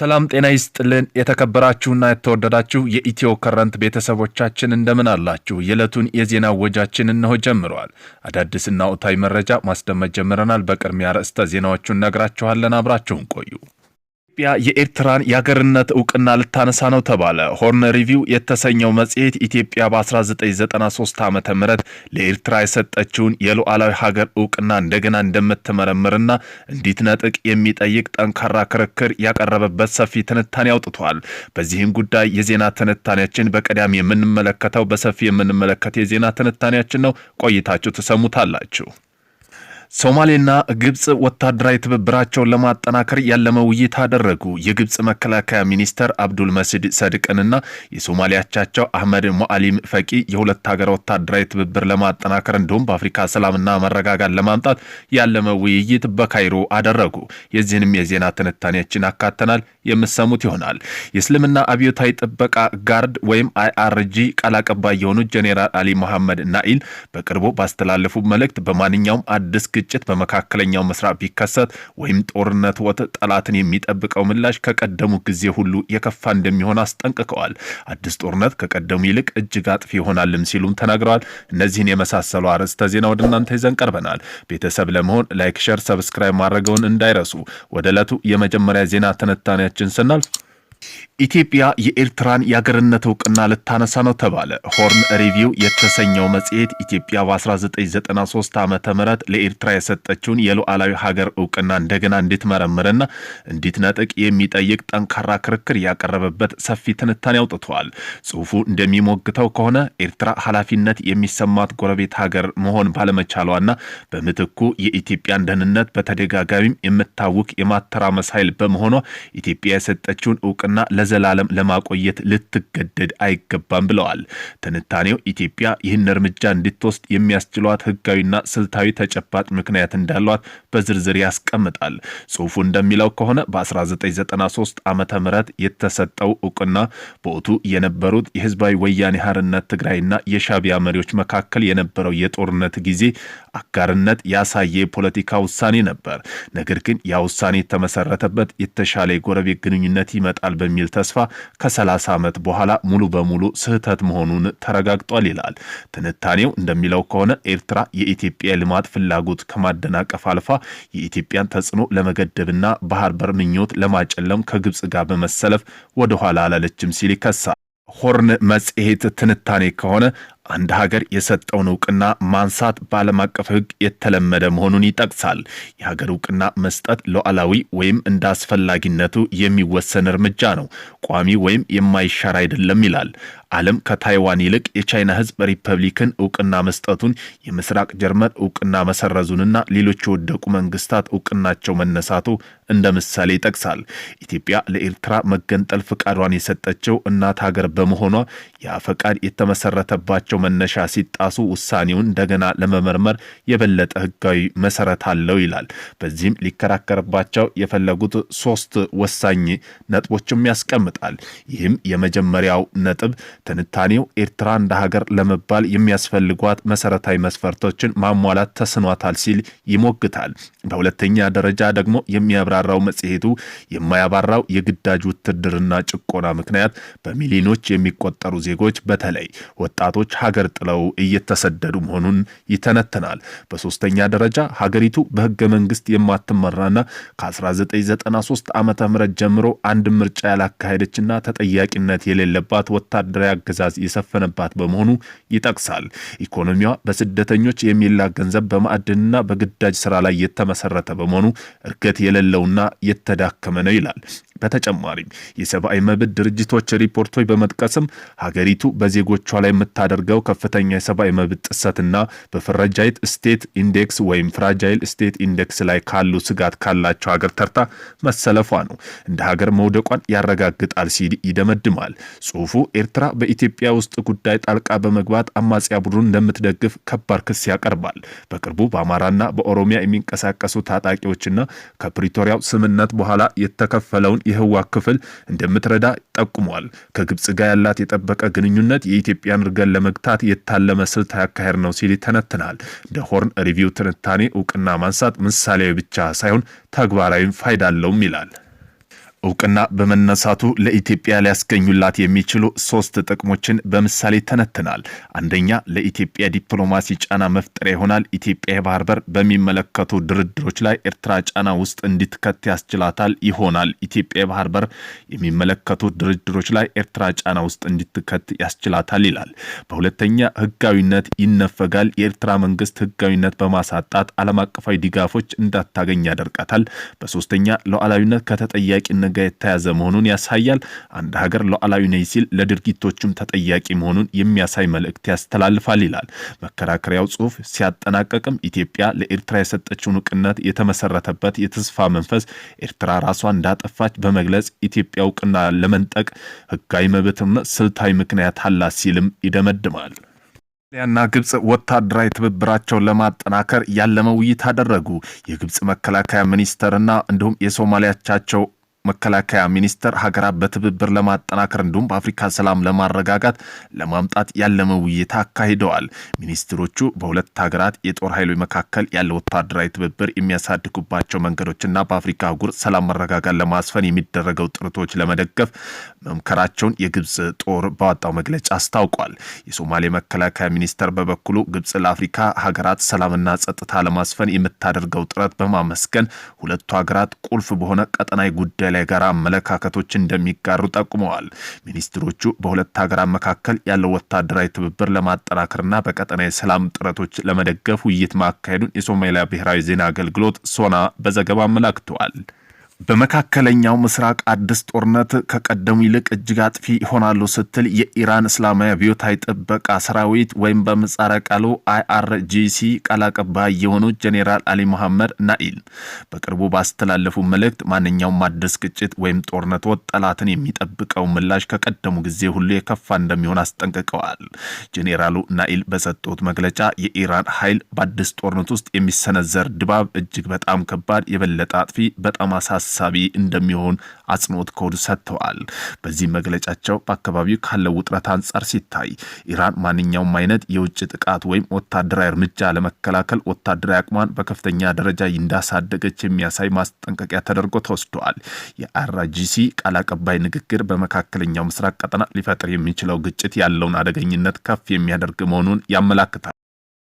ሰላም ጤና ይስጥልን። የተከበራችሁና የተወደዳችሁ የኢትዮ ከረንት ቤተሰቦቻችን እንደምን አላችሁ? የዕለቱን የዜና ወጃችን እነሆ ጀምረዋል። አዳዲስና ወቅታዊ መረጃ ማስደመጥ ጀምረናል። በቅድሚያ ርዕስተ ዜናዎቹን ነግራችኋለን። አብራችሁን ቆዩ። ኢትዮጵያ የኤርትራን የአገርነት እውቅና ልታነሳ ነው ተባለ። ሆርን ሪቪው የተሰኘው መጽሔት ኢትዮጵያ በ1993 ዓ ም ለኤርትራ የሰጠችውን የሉዓላዊ ሀገር እውቅና እንደገና እንደምትመረምርና እንዲትነጥቅ የሚጠይቅ ጠንካራ ክርክር ያቀረበበት ሰፊ ትንታኔ አውጥቷል። በዚህም ጉዳይ የዜና ትንታኔያችን በቀዳሚ የምንመለከተው በሰፊ የምንመለከት የዜና ትንታኔያችን ነው። ቆይታችሁ ትሰሙታላችሁ። ሶማሌና ግብፅ ወታደራዊ ትብብራቸውን ለማጠናከር ያለመ ውይይት አደረጉ። የግብፅ መከላከያ ሚኒስተር አብዱል መስድ ሰድቅንና የሶማሊያቻቸው አህመድ ሞአሊም ፈቂ የሁለት ሀገር ወታደራዊ ትብብር ለማጠናከር እንዲሁም በአፍሪካ ሰላምና መረጋጋት ለማምጣት ያለመ ውይይት በካይሮ አደረጉ። የዚህንም የዜና ትንታኔያችን አካተናል የምሰሙት ይሆናል። የእስልምና አብዮታዊ ጥበቃ ጋርድ ወይም አይአርጂ ቃል አቀባይ የሆኑት ጄኔራል አሊ መሐመድ ናኢል በቅርቡ ባስተላለፉ መልእክት በማንኛውም አዲስ ግጭት በመካከለኛው ምስራቅ ቢከሰት ወይም ጦርነት ወጥ ጠላትን የሚጠብቀው ምላሽ ከቀደሙ ጊዜ ሁሉ የከፋ እንደሚሆን አስጠንቅቀዋል። አዲስ ጦርነት ከቀደሙ ይልቅ እጅግ አጥፊ ይሆናልም ሲሉም ተናግረዋል። እነዚህን የመሳሰሉ አርዕስተ ዜና ወደ እናንተ ይዘን ቀርበናል። ቤተሰብ ለመሆን ላይክ፣ ሸር፣ ሰብስክራይብ ማድረገውን እንዳይረሱ። ወደ ዕለቱ የመጀመሪያ ዜና ትንታኔያችን ስናልፍ ኢትዮጵያ የኤርትራን የአገርነት እውቅና ልታነሳ ነው ተባለ። ሆርን ሪቪው የተሰኘው መጽሔት ኢትዮጵያ በ1993 ዓ ም ለኤርትራ የሰጠችውን የሉዓላዊ ሀገር እውቅና እንደገና እንድትመረምርና እንድትነጥቅ የሚጠይቅ ጠንካራ ክርክር ያቀረበበት ሰፊ ትንታኔ አውጥተዋል። ጽሑፉ እንደሚሞግተው ከሆነ ኤርትራ ኃላፊነት የሚሰማት ጎረቤት ሀገር መሆን ባለመቻሏና በምትኩ የኢትዮጵያን ደህንነት በተደጋጋሚም የምታውቅ የማተራመስ ኃይል በመሆኗ ኢትዮጵያ የሰጠችውን እውቅና ለማወቅና ለዘላለም ለማቆየት ልትገደድ አይገባም ብለዋል። ትንታኔው ኢትዮጵያ ይህን እርምጃ እንድትወስድ የሚያስችሏት ህጋዊና ስልታዊ ተጨባጭ ምክንያት እንዳሏት በዝርዝር ያስቀምጣል። ጽሁፉ እንደሚለው ከሆነ በ1993 ዓ ም የተሰጠው እውቅና በወቅቱ የነበሩት የህዝባዊ ወያኔ ሀርነት ትግራይና የሻቢያ መሪዎች መካከል የነበረው የጦርነት ጊዜ አጋርነት ያሳየ የፖለቲካ ውሳኔ ነበር። ነገር ግን ያ ውሳኔ የተመሰረተበት የተሻለ የጎረቤት ግንኙነት ይመጣል በሚል ተስፋ ከ30 ዓመት በኋላ ሙሉ በሙሉ ስህተት መሆኑን ተረጋግጧል ይላል ትንታኔው። እንደሚለው ከሆነ ኤርትራ የኢትዮጵያ ልማት ፍላጎት ከማደናቀፍ አልፋ የኢትዮጵያን ተጽዕኖ ለመገደብና ባህር በር ምኞት ለማጨለም ከግብፅ ጋር በመሰለፍ ወደኋላ አላለችም ሲል ይከሳል። ሆርን መጽሔት ትንታኔ ከሆነ አንድ ሀገር የሰጠውን እውቅና ማንሳት በዓለም አቀፍ ሕግ የተለመደ መሆኑን ይጠቅሳል። የሀገር እውቅና መስጠት ሉዓላዊ ወይም እንደ አስፈላጊነቱ የሚወሰን እርምጃ ነው፣ ቋሚ ወይም የማይሻር አይደለም ይላል። ዓለም ከታይዋን ይልቅ የቻይና ህዝብ ሪፐብሊክን እውቅና መስጠቱን፣ የምስራቅ ጀርመን እውቅና መሰረዙንና ሌሎች የወደቁ መንግስታት እውቅናቸው መነሳቱ እንደ ምሳሌ ይጠቅሳል። ኢትዮጵያ ለኤርትራ መገንጠል ፍቃዷን የሰጠችው እናት ሀገር በመሆኗ ያ ፈቃድ የተመሰረተባቸው የመብታቸው መነሻ ሲጣሱ ውሳኔውን እንደገና ለመመርመር የበለጠ ህጋዊ መሰረት አለው ይላል። በዚህም ሊከራከርባቸው የፈለጉት ሶስት ወሳኝ ነጥቦችም ያስቀምጣል። ይህም የመጀመሪያው ነጥብ ትንታኔው ኤርትራ እንደ ሀገር ለመባል የሚያስፈልጓት መሰረታዊ መስፈርቶችን ማሟላት ተስኗታል ሲል ይሞግታል። በሁለተኛ ደረጃ ደግሞ የሚያብራራው መጽሔቱ የማያባራው የግዳጅ ውትድርና ጭቆና ምክንያት በሚሊዮኖች የሚቆጠሩ ዜጎች በተለይ ወጣቶች ሀገር ጥለው እየተሰደዱ መሆኑን ይተነትናል። በሶስተኛ ደረጃ ሀገሪቱ በህገ መንግስት የማትመራና ከ1993 ዓ ም ጀምሮ አንድ ምርጫ ያላካሄደችና ተጠያቂነት የሌለባት ወታደራዊ አገዛዝ የሰፈነባት በመሆኑ ይጠቅሳል። ኢኮኖሚዋ በስደተኞች የሚላ ገንዘብ በማዕድንና በግዳጅ ስራ ላይ የተመሰረተ በመሆኑ እድገት የሌለውና የተዳከመ ነው ይላል። በተጨማሪም የሰብአዊ መብት ድርጅቶች ሪፖርቶች በመጥቀስም ሀገሪቱ በዜጎቿ ላይ የምታደርገው ከፍተኛ የሰብአዊ መብት ጥሰትና በፍረጃይት ስቴት ኢንዴክስ ወይም ፍራጃይል ስቴት ኢንዴክስ ላይ ካሉ ስጋት ካላቸው ሀገር ተርታ መሰለፏ ነው። እንደ ሀገር መውደቋን ያረጋግጣል ሲል ይደመድማል ጽሁፉ። ኤርትራ በኢትዮጵያ ውስጥ ጉዳይ ጣልቃ በመግባት አማጽያ ቡድኑን እንደምትደግፍ ከባድ ክስ ያቀርባል። በቅርቡ በአማራና በኦሮሚያ የሚንቀሳቀሱ ታጣቂዎችና ከፕሪቶሪያው ስምነት በኋላ የተከፈለውን የህዋት ክፍል እንደምትረዳ ጠቁሟል። ከግብፅ ጋር ያላት የጠበቀ ግንኙነት የኢትዮጵያን እርገን ለመግታት የታለመ ስልት አካሄድ ነው ሲል ይተነትናል። እንደ ሆርን ሪቪው ትንታኔ እውቅና ማንሳት ምሳሌያዊ ብቻ ሳይሆን ተግባራዊ ፋይዳ አለውም ይላል። እውቅና በመነሳቱ ለኢትዮጵያ ሊያስገኙላት የሚችሉ ሶስት ጥቅሞችን በምሳሌ ተነትናል። አንደኛ ለኢትዮጵያ ዲፕሎማሲ ጫና መፍጠሪያ ይሆናል። ኢትዮጵያ የባህር በር በሚመለከቱ ድርድሮች ላይ ኤርትራ ጫና ውስጥ እንዲትከት ያስችላታል ይሆናል። ኢትዮጵያ የባህር በር የሚመለከቱ ድርድሮች ላይ ኤርትራ ጫና ውስጥ እንዲትከት ያስችላታል ይላል። በሁለተኛ ህጋዊነት ይነፈጋል። የኤርትራ መንግስት ህጋዊነት በማሳጣት ዓለም አቀፋዊ ድጋፎች እንዳታገኝ ያደርጋታል። በሶስተኛ ሉዓላዊነት ከተጠያቂነት ጋር የተያዘ መሆኑን ያሳያል። አንድ ሀገር ሉዓላዊ ነኝ ሲል ለድርጊቶቹም ተጠያቂ መሆኑን የሚያሳይ መልእክት ያስተላልፋል ይላል መከራከሪያው ጽሑፍ። ሲያጠናቀቅም ኢትዮጵያ ለኤርትራ የሰጠችውን እውቅነት የተመሰረተበት የተስፋ መንፈስ ኤርትራ ራሷ እንዳጠፋች በመግለጽ ኢትዮጵያ እውቅና ለመንጠቅ ህጋዊ መብትና ስልታዊ ምክንያት አላት ሲልም ይደመድማል። ሊያና ግብጽ ወታደራዊ ትብብራቸውን ለማጠናከር ያለመ ውይይት አደረጉ። የግብጽ መከላከያ ሚኒስትርና እንዲሁም የሶማሊያቻቸው መከላከያ ሚኒስቴር ሀገራት በትብብር ለማጠናከር እንዲሁም በአፍሪካ ሰላም ለማረጋጋት ለማምጣት ያለመ ውይይት አካሂደዋል። ሚኒስትሮቹ በሁለት ሀገራት የጦር ኃይሎች መካከል ያለ ወታደራዊ ትብብር የሚያሳድጉባቸው መንገዶችና በአፍሪካ አህጉር ሰላም መረጋጋት ለማስፈን የሚደረገው ጥረቶች ለመደገፍ መምከራቸውን የግብፅ ጦር ባወጣው መግለጫ አስታውቋል። የሶማሌ መከላከያ ሚኒስቴር በበኩሉ ግብፅ ለአፍሪካ ሀገራት ሰላምና ጸጥታ ለማስፈን የምታደርገው ጥረት በማመስገን ሁለቱ ሀገራት ቁልፍ በሆነ ቀጠናዊ ጉዳይ የጋራ አመለካከቶች እንደሚጋሩ ጠቁመዋል። ሚኒስትሮቹ በሁለት ሀገራት መካከል ያለው ወታደራዊ ትብብር ለማጠናከርና በቀጠና የሰላም ጥረቶች ለመደገፍ ውይይት ማካሄዱን የሶማሊያ ብሔራዊ ዜና አገልግሎት ሶና በዘገባ አመላክተዋል። በመካከለኛው ምስራቅ አዲስ ጦርነት ከቀደሙ ይልቅ እጅግ አጥፊ ይሆናሉ ስትል የኢራን እስላማዊ አብዮታዊ ጥበቃ ሰራዊት ወይም በምህጻረ ቃሉ አይአርጂሲ ቃል አቀባይ የሆኑት ጄኔራል አሊ መሐመድ ናኢል በቅርቡ ባስተላለፉ መልእክት ማንኛውም አዲስ ግጭት ወይም ጦርነት ወጥ ጠላትን የሚጠብቀው ምላሽ ከቀደሙ ጊዜ ሁሉ የከፋ እንደሚሆን አስጠንቅቀዋል። ጄኔራሉ ናኢል በሰጡት መግለጫ የኢራን ኃይል በአዲስ ጦርነት ውስጥ የሚሰነዘር ድባብ እጅግ በጣም ከባድ፣ የበለጠ አጥፊ፣ በጣም አሳስ አሳሳቢ እንደሚሆን አጽንኦት ኮድ ሰጥተዋል። በዚህ መግለጫቸው በአካባቢው ካለው ውጥረት አንጻር ሲታይ ኢራን ማንኛውም አይነት የውጭ ጥቃት ወይም ወታደራዊ እርምጃ ለመከላከል ወታደራዊ አቅሟን በከፍተኛ ደረጃ እንዳሳደገች የሚያሳይ ማስጠንቀቂያ ተደርጎ ተወስደዋል። የአራጂሲ ቃል አቀባይ ንግግር በመካከለኛው ምስራቅ ቀጠና ሊፈጥር የሚችለው ግጭት ያለውን አደገኝነት ከፍ የሚያደርግ መሆኑን ያመላክታል።